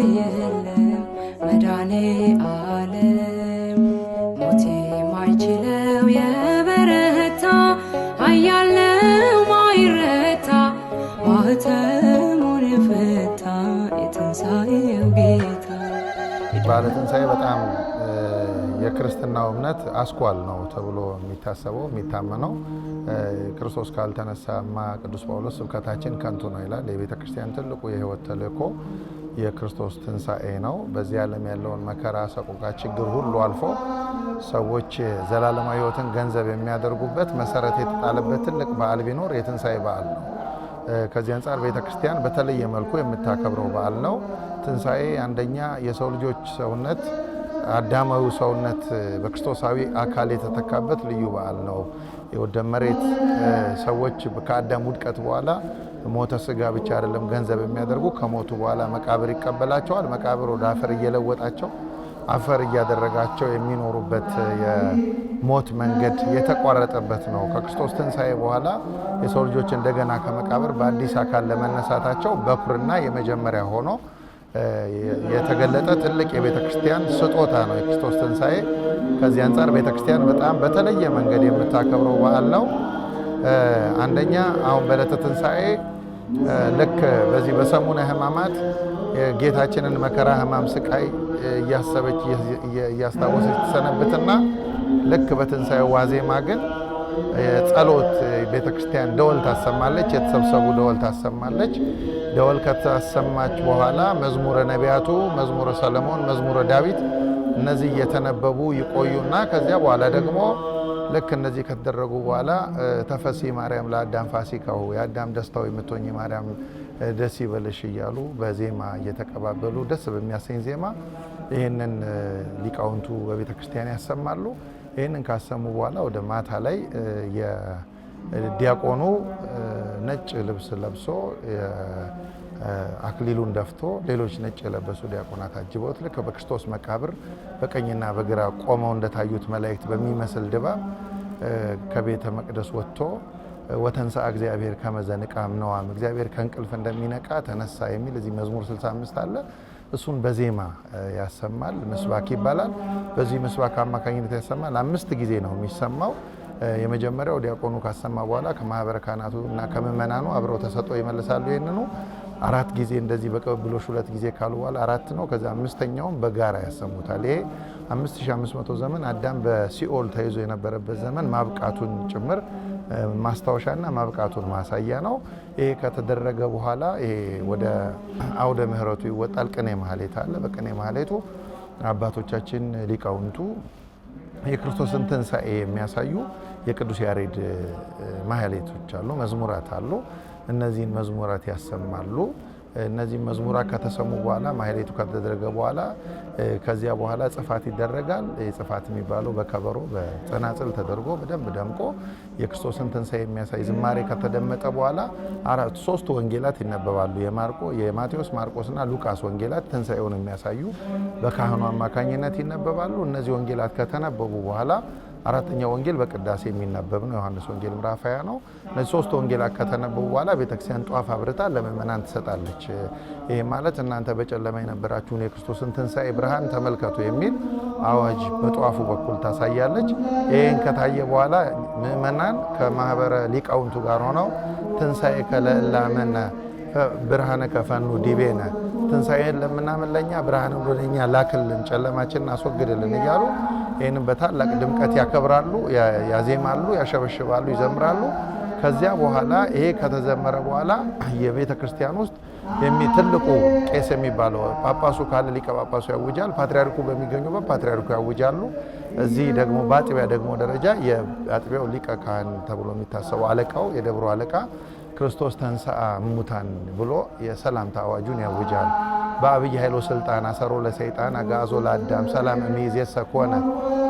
የለም መዳኔ አለም ሞቴ የማይችለው የበረታ ኃያል ነው ማይረታ ማኅተሙን የፈታ የትንሣኤው ጌታ። በዓለ ትንሣኤ በጣም የክርስትናው እምነት አስኳል ነው ተብሎ የሚታሰበው የሚታመነው። ክርስቶስ ካልተነሳማ ቅዱስ ጳውሎስ ስብከታችን ከንቱ ነው ይላል። የቤተ ክርስቲያን ትልቁ የህይወት ተልእኮ የክርስቶስ ትንሣኤ ነው። በዚህ ዓለም ያለውን መከራ፣ ሰቆቃ፣ ችግር ሁሉ አልፎ ሰዎች ዘላለማዊ ሕይወትን ገንዘብ የሚያደርጉበት መሰረት የተጣለበት ትልቅ በዓል ቢኖር የትንሣኤ በዓል ነው። ከዚህ አንጻር ቤተ ክርስቲያን በተለየ መልኩ የምታከብረው በዓል ነው። ትንሣኤ አንደኛ የሰው ልጆች ሰውነት አዳማዊ ሰውነት በክርስቶሳዊ አካል የተተካበት ልዩ በዓል ነው። የወደ መሬት ሰዎች ከአዳም ውድቀት በኋላ ሞተ ስጋ ብቻ አይደለም ገንዘብ የሚያደርጉ ከሞቱ በኋላ መቃብር ይቀበላቸዋል። መቃብር ወደ አፈር እየለወጣቸው አፈር እያደረጋቸው የሚኖሩበት የሞት መንገድ የተቋረጠበት ነው። ከክርስቶስ ትንሣኤ በኋላ የሰው ልጆች እንደገና ከመቃብር በአዲስ አካል ለመነሳታቸው በኩርና የመጀመሪያ ሆኖ የተገለጠ ትልቅ የቤተ ክርስቲያን ስጦታ ነው የክርስቶስ ትንሣኤ። ከዚህ አንጻር ቤተ ክርስቲያን በጣም በተለየ መንገድ የምታከብረው በዓል ነው። አንደኛ አሁን በዕለተ ትንሣኤ ልክ በዚህ በሰሙነ ሕማማት የጌታችንን መከራ፣ ሕማም፣ ስቃይ እያሰበች እያስታወሰች ትሰነብትና ልክ በትንሣኤ ዋዜማ ግን የጸሎት ቤተ ክርስቲያን ደወል ታሰማለች። የተሰብሰቡ ደወል ታሰማለች። ደወል ከታሰማች በኋላ መዝሙረ ነቢያቱ፣ መዝሙረ ሰለሞን፣ መዝሙረ ዳዊት እነዚህ እየተነበቡ ይቆዩና ከዚያ በኋላ ደግሞ ልክ እነዚህ ከተደረጉ በኋላ ተፈሲ ማርያም ለአዳም ፋሲካው የአዳም ደስታው የምትሆኝ ማርያም ደስ ይበልሽ እያሉ በዜማ እየተቀባበሉ ደስ በሚያሰኝ ዜማ ይህንን ሊቃውንቱ በቤተ ክርስቲያን ያሰማሉ። ይህንን ካሰሙ በኋላ ወደ ማታ ላይ የዲያቆኑ ነጭ ልብስ ለብሶ አክሊሉን ደፍቶ ሌሎች ነጭ የለበሱ ዲያቆናት አጅበውት ልክ በክርስቶስ መቃብር በቀኝና በግራ ቆመው እንደታዩት መላእክት በሚመስል ድባብ ከቤተ መቅደስ ወጥቶ ወተንሳ እግዚአብሔር ከመዘንቃም ነዋም እግዚአብሔር ከእንቅልፍ እንደሚነቃ ተነሳ የሚል እዚህ መዝሙር 65 አለ። እሱን በዜማ ያሰማል፣ ምስባክ ይባላል። በዚህ ምስባክ አማካኝነት ያሰማል። አምስት ጊዜ ነው የሚሰማው። የመጀመሪያው ዲያቆኑ ካሰማ በኋላ ከማህበረ ካህናቱ እና ከምእመናኑ አብረው ተሰጥኦ ይመልሳሉ። ይህንኑ አራት ጊዜ እንደዚህ በቅብብሎሽ ሁለት ጊዜ ካሉ በኋላ አራት ነው። ከዚ አምስተኛውም በጋራ ያሰሙታል። ይሄ 5500 ዘመን አዳም በሲኦል ተይዞ የነበረበት ዘመን ማብቃቱን ጭምር ማስታወሻና ማብቃቱን ማሳያ ነው። ይሄ ከተደረገ በኋላ ይሄ ወደ አውደ ምሕረቱ ይወጣል። ቅኔ ማህሌት አለ። በቅኔ ማህሌቱ አባቶቻችን ሊቃውንቱ የክርስቶስን ትንሣኤ የሚያሳዩ የቅዱስ ያሬድ ማህሌቶች አሉ፣ መዝሙራት አሉ። እነዚህን መዝሙራት ያሰማሉ። እነዚህ መዝሙራት ከተሰሙ በኋላ ማህሌቱ ከተደረገ በኋላ ከዚያ በኋላ ጽፋት ይደረጋል። ጽፋት የሚባለው በከበሮ በጸናጽል ተደርጎ በደንብ ደምቆ የክርስቶስን ትንሣኤ የሚያሳይ ዝማሬ ከተደመጠ በኋላ አራት ሶስት ወንጌላት ይነበባሉ። የማርቆ የማቴዎስ ማርቆስና ሉቃስ ወንጌላት ትንሣኤውን የሚያሳዩ በካህኑ አማካኝነት ይነበባሉ። እነዚህ ወንጌላት ከተነበቡ በኋላ አራተኛው ወንጌል በቅዳሴ የሚነበብ ነው። ዮሐንስ ወንጌል ምዕራፍ 20 ነው። እነዚህ ሶስት ወንጌላት ከተነበቡ በኋላ ቤተክርስቲያን ጧፍ አብርታ ለምእመናን ትሰጣለች። ይህ ማለት እናንተ በጨለማ የነበራችሁን የክርስቶስን ትንሣኤ ብርሃን ተመልከቱ የሚል አዋጅ በጧፉ በኩል ታሳያለች። ይህን ከታየ በኋላ ምእመናን ከማህበረ ሊቃውንቱ ጋር ሆነው ትንሣኤ ከለእላመነ ብርሃነ ከፈኑ ዲቤነ ትንሣኤን ለምናምን ለእኛ ብርሃንን ወደኛ ላክልን፣ ጨለማችንን አስወግድልን እያሉ ይህንም በታላቅ ድምቀት ያከብራሉ፣ ያዜማሉ፣ ያሸበሽባሉ፣ ይዘምራሉ። ከዚያ በኋላ ይሄ ከተዘመረ በኋላ የቤተ ክርስቲያን ውስጥ ትልቁ ቄስ የሚባለው ጳጳሱ ካለ ሊቀ ጳጳሱ ያውጃል። ፓትሪያርኩ በሚገኙበት ፓትሪያርኩ ያውጃሉ። እዚህ ደግሞ በአጥቢያ ደግሞ ደረጃ የአጥቢያው ሊቀ ካህን ተብሎ የሚታሰበው አለቃው የደብሮ አለቃ ክርስቶስ ተንሥአ ሙታን ብሎ የሰላምታ አዋጁን ያውጃል። በአብይ ኃይሎ ስልጣን አሰሮ ለሰይጣን አጋዞ ለአዳም ሰላም እምይእዜሰ የሰኮነ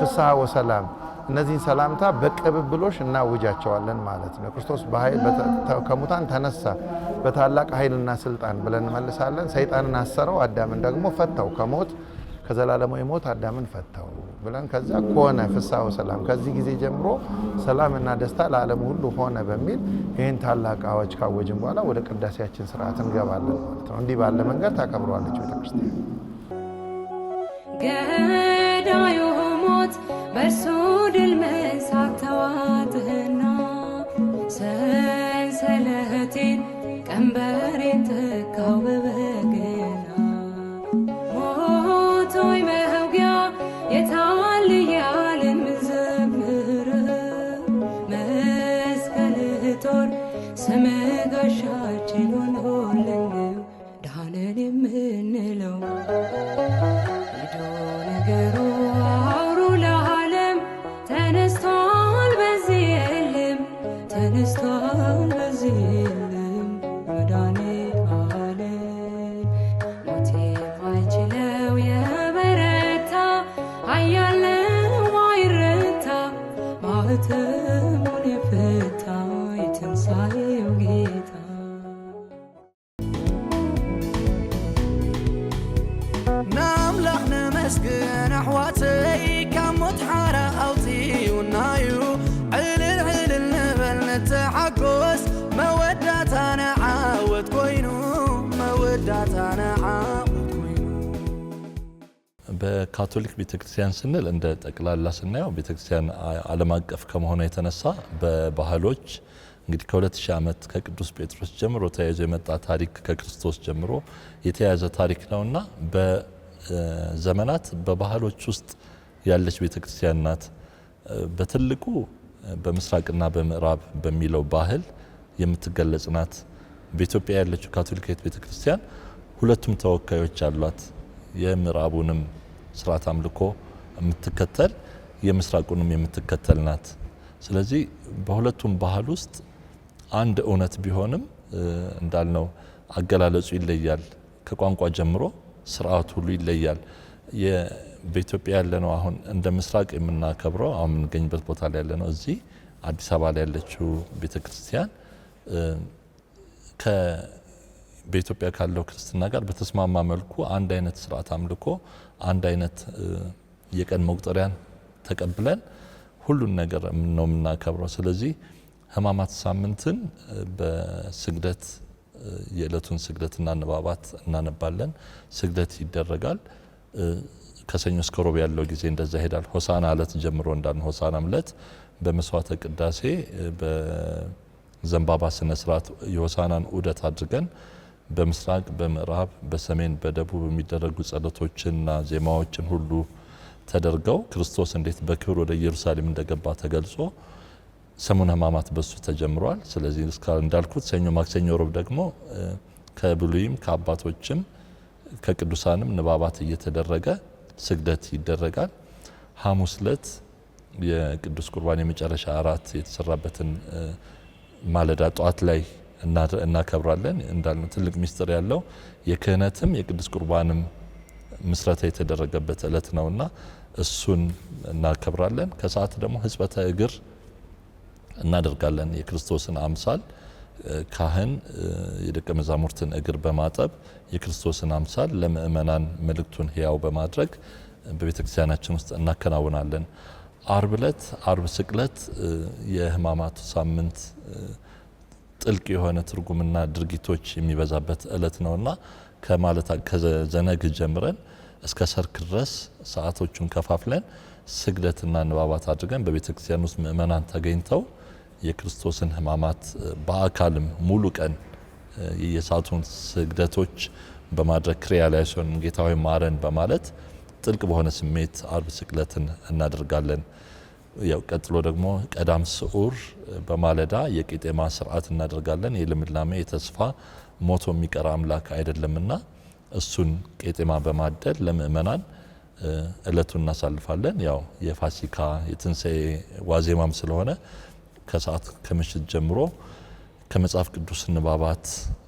ፍስሐ ወሰላም። እነዚህን ሰላምታ በቅብብሎሽ እናውጃቸዋለን ማለት ነው። ክርስቶስ ከሙታን ተነሳ በታላቅ ኃይልና ስልጣን ብለን እንመልሳለን። ሰይጣንን አሰረው፣ አዳምን ደግሞ ፈታው። ከሞት ከዘላለማዊ ሞት አዳምን ፈታው። ብለን ከዛ ከሆነ ፍስሐ ሰላም ከዚህ ጊዜ ጀምሮ ሰላምና ደስታ ለዓለም ሁሉ ሆነ በሚል ይህን ታላቅ አዋጅ ካወጅን በኋላ ወደ ቅዳሴያችን ስርዓት እንገባለን ማለት ነው። እንዲህ ባለ መንገድ ታከብረዋለች ቤተክርስቲያን። ገዳዩ ሞት በእሱ ድል መንሳት ተዋጥህና ሰንሰለቴን ቀንበሬን ትካው ብንለው ክርስቶስ ኮይኑ ኮይኑ በካቶሊክ ቤተክርስቲያን ስንል እንደ ጠቅላላ ስናየው ቤተክርስቲያን ዓለም አቀፍ ከመሆኗ የተነሳ በባህሎች እንግዲህ ከ2000 ዓመት ከቅዱስ ጴጥሮስ ጀምሮ ተያይዞ የመጣ ታሪክ ከክርስቶስ ጀምሮ የተያያዘ ታሪክ እና በዘመናት በባህሎች ውስጥ ያለች ቤተክርስቲያን ናት። በትልቁ በምስራቅና በምዕራብ በሚለው ባህል የምትገለጽ ናት። በኢትዮጵያ ያለችው ካቶሊካዊት ቤተ ክርስቲያን ሁለቱም ተወካዮች አሏት። የምዕራቡንም ስርዓት አምልኮ የምትከተል የምስራቁንም የምትከተል ናት። ስለዚህ በሁለቱም ባህል ውስጥ አንድ እውነት ቢሆንም እንዳልነው አገላለጹ ይለያል። ከቋንቋ ጀምሮ ስርዓቱ ሁሉ ይለያል። በኢትዮጵያ ያለ ነው። አሁን እንደ ምስራቅ የምናከብረው አሁን የምንገኝበት ቦታ ላይ ያለ ነው። እዚህ አዲስ አበባ ላይ ያለችው ቤተ ክርስቲያን በኢትዮጵያ ካለው ክርስትና ጋር በተስማማ መልኩ አንድ አይነት ስርዓት አምልኮ፣ አንድ አይነት የቀን መቁጠሪያን ተቀብለን ሁሉን ነገር ነው የምናከብረው። ስለዚህ ህማማት ሳምንትን በስግደት የዕለቱን ስግደትና ንባባት እናነባለን። ስግደት ይደረጋል። ከሰኞ እስከ ሮብ ያለው ጊዜ እንደዛ ይሄዳል። ሆሳና እለት ጀምሮ እንዳን ሆሳና እለት በመስዋዕተ ቅዳሴ በዘንባባ ስነ ስርዓት የሆሳናን ዑደት አድርገን በምስራቅ በምዕራብ በሰሜን በደቡብ የሚደረጉ ጸሎቶችንና ዜማዎችን ሁሉ ተደርገው ክርስቶስ እንዴት በክብር ወደ ኢየሩሳሌም እንደገባ ተገልጾ ሰሙነ ሕማማት በሱ ተጀምሯል። ስለዚህ እስካሁን እንዳልኩት ሰኞ፣ ማክሰኞ፣ ሮብ ደግሞ ከብሉይም ከአባቶችም ከቅዱሳንም ንባባት እየተደረገ ስግደት ይደረጋል። ሐሙስ ዕለት የቅዱስ ቁርባን የመጨረሻ አራት የተሰራበትን ማለዳ ጠዋት ላይ እናከብራለን። እንዳልነው ትልቅ ሚስጥር ያለው የክህነትም የቅዱስ ቁርባንም ምስረታ የተደረገበት እለት ነውና እሱን እናከብራለን። ከሰዓት ደግሞ ሕጽበተ እግር እናደርጋለን የክርስቶስን አምሳል ካህን የደቀ መዛሙርትን እግር በማጠብ የክርስቶስን አምሳል ለምእመናን መልእክቱን ህያው በማድረግ በቤተ ክርስቲያናችን ውስጥ እናከናውናለን። አርብ ዕለት አርብ ስቅለት የህማማቱ ሳምንት ጥልቅ የሆነ ትርጉምና ድርጊቶች የሚበዛበት እለት ነውና ከማለት ከዘነግ ጀምረን እስከ ሰርክ ድረስ ሰዓቶቹን ከፋፍለን ስግደትና ንባባት አድርገን በቤተ ክርስቲያን ውስጥ ምእመናን ተገኝተው የክርስቶስን ህማማት በአካልም ሙሉ ቀን የሳቱን ስግደቶች በማድረግ ክሪያ ላይ ሲሆን ጌታዊ ማረን በማለት ጥልቅ በሆነ ስሜት አርብ ስቅለትን እናደርጋለን። ያው ቀጥሎ ደግሞ ቀዳም ስዑር በማለዳ የቄጤማ ስርዓት እናደርጋለን። የልምላሜ የተስፋ ሞቶ የሚቀር አምላክ አይደለምና እሱን ቄጤማ በማደል ለምእመናን እለቱን እናሳልፋለን። ያው የፋሲካ የትንሣኤ ዋዜማም ስለሆነ ከሰዓት ከምሽት ጀምሮ ከመጽሐፍ ቅዱስ ንባባት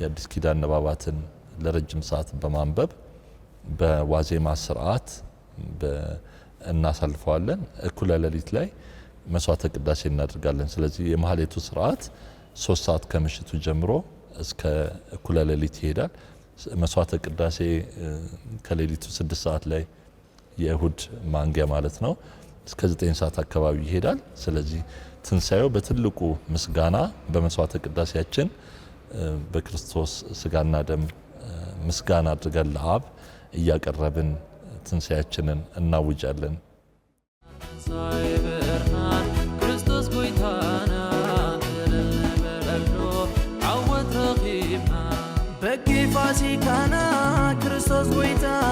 የአዲስ ኪዳን ንባባትን ለረጅም ሰዓት በማንበብ በዋዜማ ስርዓት እናሳልፈዋለን። እኩለ ሌሊት ላይ መስዋዕተ ቅዳሴ እናደርጋለን። ስለዚህ የማህሌቱ ስርዓት ሶስት ሰዓት ከምሽቱ ጀምሮ እስከ እኩለ ሌሊት ይሄዳል። መስዋዕተ ቅዳሴ ከሌሊቱ ስድስት ሰዓት ላይ የእሁድ ማንጊያ ማለት ነው። እስከ 9 ሰዓት አካባቢ ይሄዳል። ስለዚህ ትንሳኤው በትልቁ ምስጋና በመስዋዕተ ቅዳሴያችን በክርስቶስ ስጋና ደም ምስጋና አድርገን ለአብ እያቀረብን ትንሳኤያችንን እናውጃለን። ፋሲካና ክርስቶስ ጎይታ